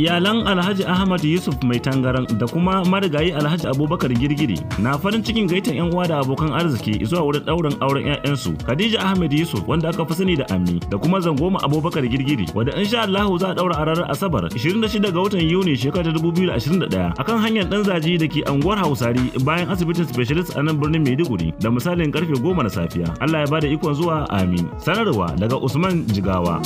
iyalan alhaji ahmad yusuf mai tangaran da kuma marigayi alhaji abubakar girgiri na farin cikin gaitan yan uwa da abokan arziki zuwa wurin ɗaurin auren 'ya'yansu khadija ahmad yusuf wanda aka fi sani da ammi da kuma zangoma abubakar girgiri wadda insha allahu za a ɗaura a ranar asabar 26 ga watan yuni shekarar 2021 akan hanyar ɗan zaji da ke anguwar hausari bayan asibitin specialist a nan birnin maiduguri da misalin karfe goma na safiya allah ya bada ikon zuwa amin sanarwa daga usman jigawa.